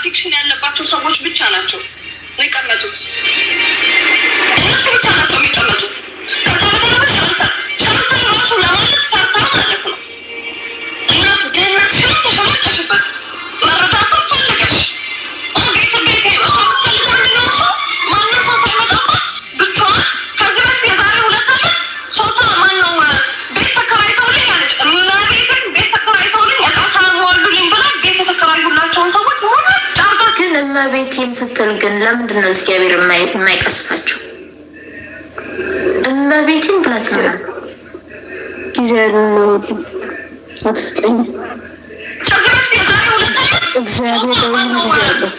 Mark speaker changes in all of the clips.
Speaker 1: አዲክሽን ያለባቸው ሰዎች ብቻ ናቸው የሚቀመጡት። እነሱ ብቻ ናቸው የሚቀመጡት። እመቤቴን ስትል ግን ለምንድን ነው እግዚአብሔር የማይቀስፋቸው? እመቤቴን ብላት ነው ጊዜ ያለውድም አትስጠኝ። እግዚአብሔር ለሁሉም ጊዜ አለው።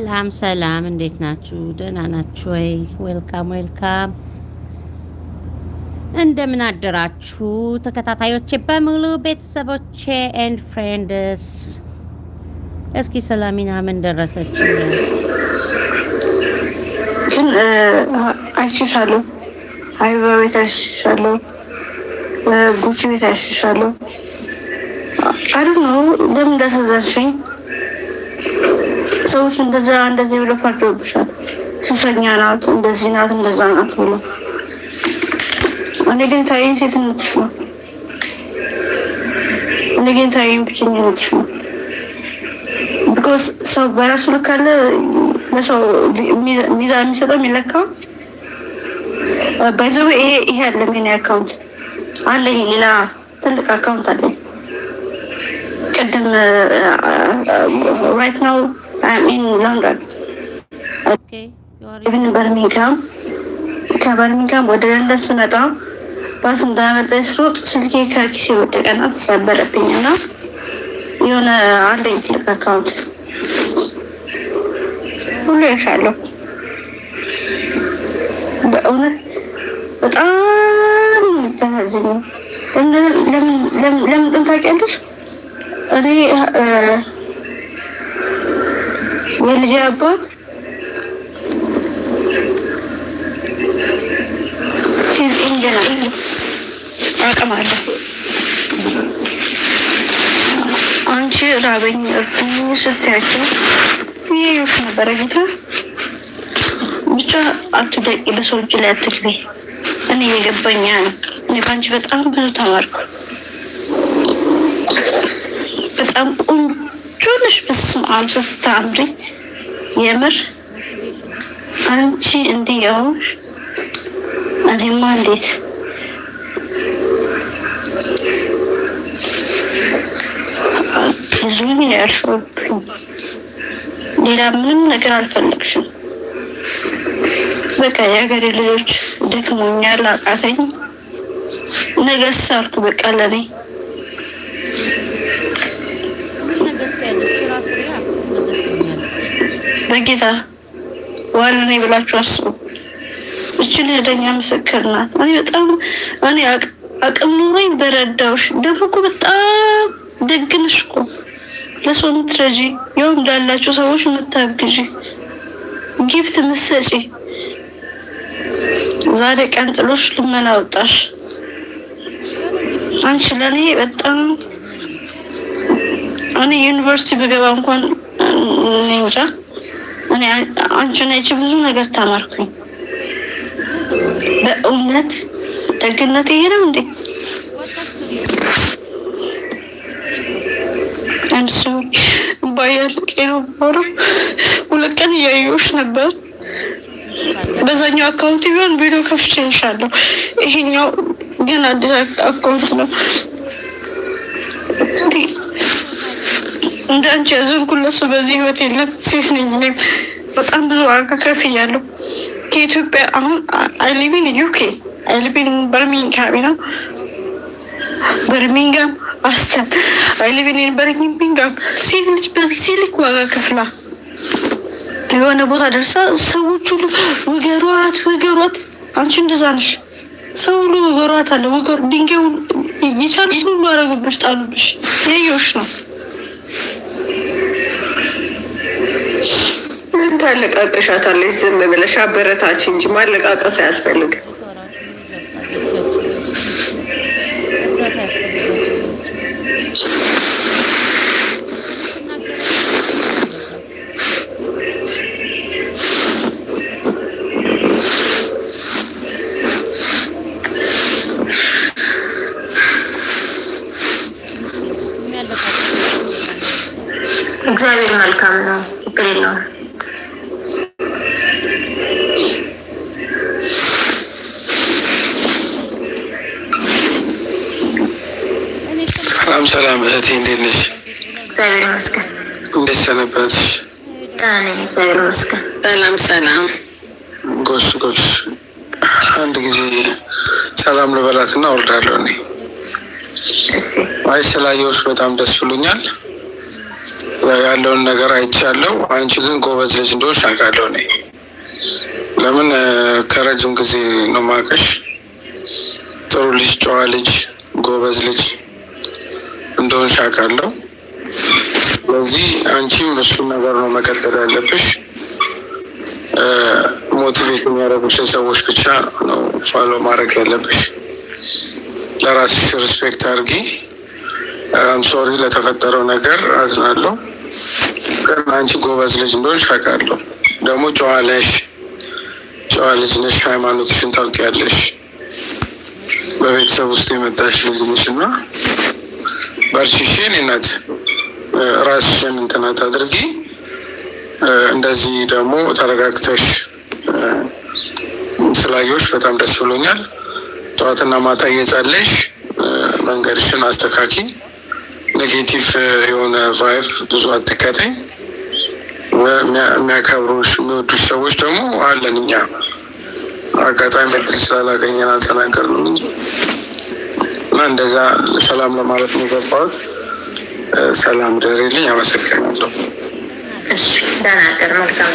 Speaker 1: ሰላም ሰላም፣ እንዴት ናችሁ? ደህና ናችሁ ወይ? ዌልካም ዌልካም፣ እንደምን አደራችሁ ተከታታዮቼ በሙሉ ቤተሰቦቼ ኤንድ ፍሬንድስ። እስኪ ሰላሚና ምን ደረሰች? አይችሻለሁ፣ አይባ ቤት አይችሻለሁ፣ ጉቺ ቤት አይችሻለሁ። አይ ነው ለምን እንዳሳዛችኝ ሰዎች እንደዛ እንደዚህ ብሎ ፈርዶብሻል። ሱሰኛ ናት፣ እንደዚህ ናት፣ እንደዛ ናት ብሎ እኔ ግን ታይን ሴትነትሽ ነው። እኔ ግን ታይን ብቸኝነትሽ ነው። ቢኮዝ ሰው በራሱ ልክ አለ። ለሰው ሚዛ የሚሰጠው የሚለካው ባይዘው uh, ይሄ ይሄ አለ። ምን አካውንት አለኝ፣ ሌላ ትልቅ አካውንት አለኝ። ቅድም ራይት uh, ነው uh, ኢቭን በርሚንግሃም ከበርሚንግሃም ወደ ለንደን ስመጣ ባስ እንዳመልጠኝ ስሮጥ ስልኬ ከኪሴ ወደቀና ተሰበረብኝ እና የሆነ አለኝ ትልቅ አካውንት ሁሉ ያሻለሁ። በእውነት በጣም በዚህ ለምን ለምን ለምን ታውቂያለሽ እኔ Geleceğe cevabı? Siz inceleyin. Rakam አንቺ ራበኝ እርጥኝ ስትያቸው ይህ ዩሽ ነበረ ጌታ ብቻ አትደቂ፣ በሰው እጅ ላይ አትግቢ። እኔ የገባኝ ነው። እኔ በአንቺ በጣም ብዙ ተማርኩ። በጣም ቆንጆ ነሽ። በስመ አብ ስታምሪ የምር አንቺ እንዲህ የሆንሽ እኔማ እንዴት ህዝብን ያልሾብኝ ሌላ ምንም ነገር አልፈለግሽም። በቃ የሀገሬ ልጆች ደክሞኛል፣ አቃተኝ። ነገስ አልኩ በቃ ለኔ በጌታ ዋን ነኝ ብላችሁ አስቡ። እች ለደኛ ምስክር ናት። እኔ በጣም እኔ አቅም ኑሮኝ በረዳውሽ። ደግሞ እኮ በጣም ደግነሽ እኮ ለሰው ምትረጂ ያው እንዳላችሁ ሰዎች የምታግዢ ጊፍት ምሰጪ። ዛሬ ቀን ጥሎሽ ልመና ወጣሽ። አንቺ ለእኔ በጣም እኔ ዩኒቨርሲቲ ብገባ እንኳን እንጃ እኔ አንቺን አይቼ ብዙ ነገር ተማርኩኝ። በእውነት ደግነት ይሄ ነው እንዴ? እንሱ ባያልቅ የነበረው ሁለት ቀን እያየሁሽ ነበር። በዛኛው አካውንት ቢሆን ቪዲዮ ከፍቼልሻለሁ። ይሄኛው ግን አዲስ አካውንት ነው። እንደ አንቺ ያዘንኩለት ሰው በዚህ ህይወት የለም። ሴት ነኝ እኔም በጣም ብዙ ዋጋ ከፍ እያለሁ ከኢትዮጵያ አሁን አይሊቪን ዩኬ አይሊቪን በርሚንግሃም ነው። በርሚንግሃም አስተን አይሊቪን በርሚንግሃም ሴት ልጅ በዚህ ልክ ዋጋ ከፍላ የሆነ ቦታ ደርሳ ሰዎች ሁሉ ውገሯት ውገሯት፣ አንቺ እንደዛ ነሽ፣ ሰው ሁሉ ውገሯት አለ። ውገሩ ድንጋይ ሁሉ ይቻል ሁሉ አረጉብሽ፣ ጣሉብሽ። ያየሁሽ ነው ታለቃቅሻታለች። ዝም ብለሽ አበረታች እንጂ ማለቃቀስ አያስፈልግም። ሰላም እህቴ፣ እንዴት ነሽ? እግዚአብሔር ይመስገን። እንዴት ሰነበትሽ? ደህና ነኝ፣ እግዚአብሔር ይመስገን። ሰላም ሰላም። ጎሽ ጎሽ። አንድ ጊዜ ሰላም ልበላት ልበላትና ወርዳለሁ እኔ። አይ ስላየሁሽ በጣም ደስ ብሎኛል። ያለውን ነገር አይቻለሁ። አንቺ ግን ጎበዝ ልጅ እንደሆንሽ አውቃለሁ እኔ ለምን ከረጅም ጊዜ ነው ማቀሽ። ጥሩ ልጅ፣ ጨዋ ልጅ፣ ጎበዝ ልጅ እንደሆን ሻቃለሁ። ስለዚህ አንቺም እሱን ነገር ነው መቀጠል ያለብሽ። ሞቲቬት የሚያደርጉሽን ሰዎች ብቻ ነው ፋሎ ማድረግ ያለብሽ። ለራስሽ ሪስፔክት አድርጊ። አም ሶሪ ለተፈጠረው ነገር አዝናለሁ፣ ግን አንቺ ጎበዝ ልጅ እንደሆን ሻቃለሁ። ደግሞ ጨዋ ነሽ፣ ጨዋ ልጅ ነሽ። ሃይማኖትሽን ታውቂያለሽ። በቤተሰብ ውስጥ የመጣሽ ልጅ ነሽ እና በርቺሽን እናት ራስሽን እንትናት አድርጊ። እንደዚህ ደግሞ ተረጋግተሽ ስላየሁሽ በጣም ደስ ብሎኛል። ጠዋትና ማታ እየጸለይሽ መንገድሽን አስተካኪ። ኔጌቲቭ የሆነ ቫይብ ብዙ አትከተኝ። የሚያከብሩሽ የሚወዱሽ ሰዎች ደግሞ አለን እኛ አጋጣሚ እድል ስላላገኘን አልተናገርንም እንጂ እና እንደዛ ሰላም ለማለት ነው የገባሁት። ሰላም ደሬልኝ። አመሰግናለሁ። ደህና ደር። መልካም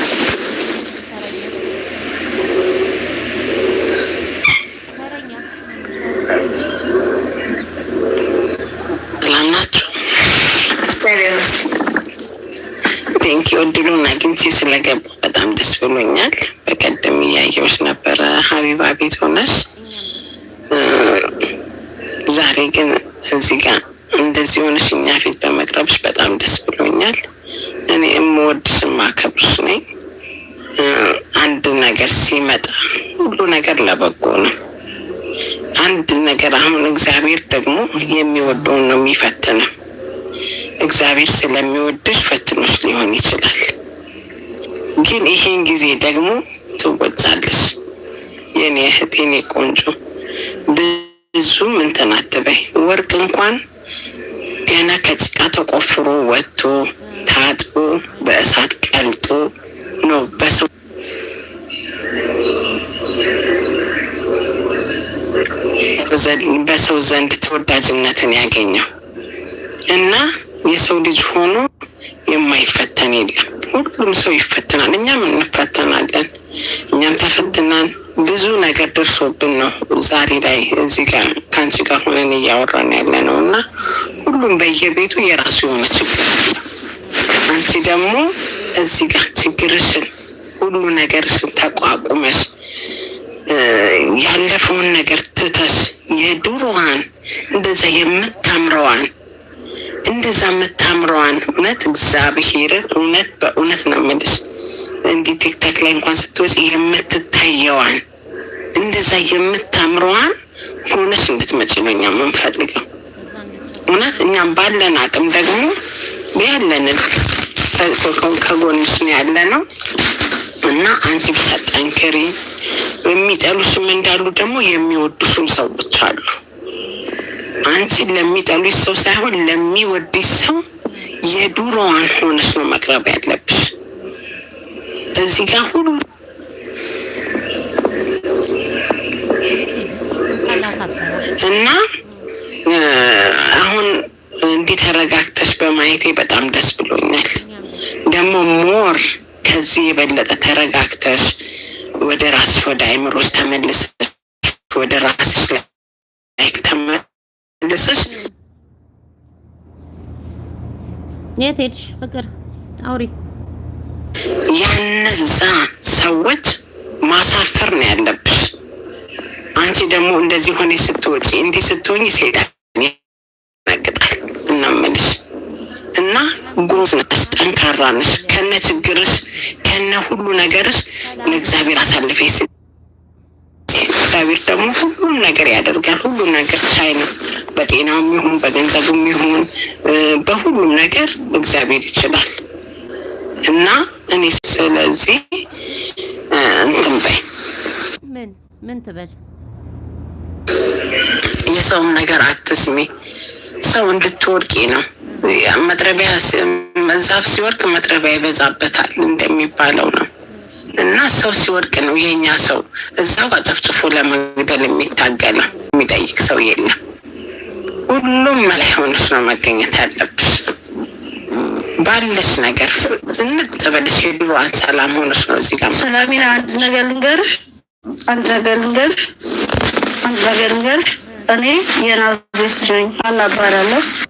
Speaker 1: ቴንኪ እድሉን አግኝቼ ስለገባ በጣም ደስ ብሎኛል። በቀደም እያየሁሽ ነበረ ሀቢባ ቤት ሆነሽ ዛሬ ግን እዚህ ጋር እንደዚህ ሆነሽ እኛ ፊት በመቅረብሽ በጣም ደስ ብሎኛል። እኔ የምወድሽ የማከብርሽ ነኝ። አንድ ነገር ሲመጣ ሁሉ ነገር ለበጎ ነው። አንድ ነገር አሁን እግዚአብሔር ደግሞ የሚወደውን ነው የሚፈትነው። እግዚአብሔር ስለሚወድሽ ፈትኖች ሊሆን ይችላል፣ ግን ይሄን ጊዜ ደግሞ ትወጫለሽ የኔ እህት የኔ ቆንጆ ብዙም እንትን አትበይ። ወርቅ እንኳን ገና ከጭቃ ተቆፍሮ ወጥቶ ታጥቦ በእሳት ቀልጦ ነው በሰው በሰው ዘንድ ተወዳጅነትን ያገኘው እና የሰው ልጅ ሆኖ የማይፈተን የለም። ሁሉም ሰው ይፈተናል። እኛም እንፈተናለን። እኛም ተፈትናን ብዙ ነገር ደርሶብን ነው ዛሬ ላይ እዚህ ጋር ከአንቺ ጋር ሆነን እያወራን ያለ ነው እና ሁሉም በየቤቱ የራሱ የሆነ ችግር አንቺ ደግሞ እዚህ ጋር ችግርሽን ሁሉ ነገርሽን ተቋቁመሽ ያለፈውን ነገር ትተሽ የድሮዋን እንደዛ የምታምረዋን እንደዛ የምታምረዋን እውነት እግዚአብሔርን እውነት በእውነት ነው የምልሽ እንዲህ ቲክታክ ላይ እንኳን ስትወጪ የምትታየዋን እንደዛ የምታምረዋን ሆነሽ እንድትመጪ ነው እኛ የምንፈልገው። እውነት እኛም ባለን አቅም ደግሞ ያለንን ከጎንሽ ነው ያለ ነው እና አንቺ ብቻ ጠንክሪ። የሚጠሉሽም እንዳሉ ደግሞ የሚወዱሽም ሰዎች አሉ። አንቺ ለሚጠሉሽ ሰው ሳይሆን ለሚወድሽ ሰው የዱሮዋን ሆነሽ ነው መቅረብ ያለብሽ። እዚህ ጋር ሁሉ እና አሁን እንዲህ ተረጋግተሽ በማየቴ በጣም ደስ ብሎኛል። ደግሞ ሞር ከዚህ የበለጠ ተረጋግተሽ ወደ ራስሽ ወደ አይምሮች ተመልሰሽ ወደ ራስሽ ላይ ተመልሰሽ የት ሄድሽ ፍቅር አውሪ ያነዛ ሰዎች ማሳፈር ነው ያለብሽ። አንቺ ደግሞ እንደዚህ ሆነ ስትወጪ እንዲህ ስትሆኝ ሴጣን ያናግጣል። እናመልሽ እና ጎበዝ ነሽ፣ ጠንካራ ነሽ። ከነ ችግርሽ ከነ ሁሉ ነገርሽ ለእግዚአብሔር አሳልፈሽ እግዚአብሔር ደግሞ ሁሉም ነገር ያደርጋል። ሁሉም ነገር ቻይ ነው። በጤናውም ይሁን በገንዘቡም ይሁን በሁሉም ነገር እግዚአብሔር ይችላል። እና እኔ ስለዚህ እንትን በይ ምን ምን ትበል የሰውም ነገር አትስሚ። ሰው እንድትወድቂ ነው። መጥረቢያ መዛብ ሲወድቅ መጥረቢያ ይበዛበታል እንደሚባለው ነው። እና ሰው ሲወድቅ ነው የኛ ሰው እዛው አጨፍጭፎ ለመግደል የሚታገለው የሚጠይቅ ሰው የለም። ሁሉም መላይ ሆነሽ ነው መገኘት ያለብሽ። ባለሽ ነገር እንጥበልሽ የድሮ ሰላም ሆነች ነው። እዚህ ጋር ሰላሜን አንድ ነገር ልንገርሽ፣ አንድ ነገር ልንገርሽ፣ አንድ ነገር ልንገርሽ። እኔ የናዝሬት ነኝ አላባራለሁ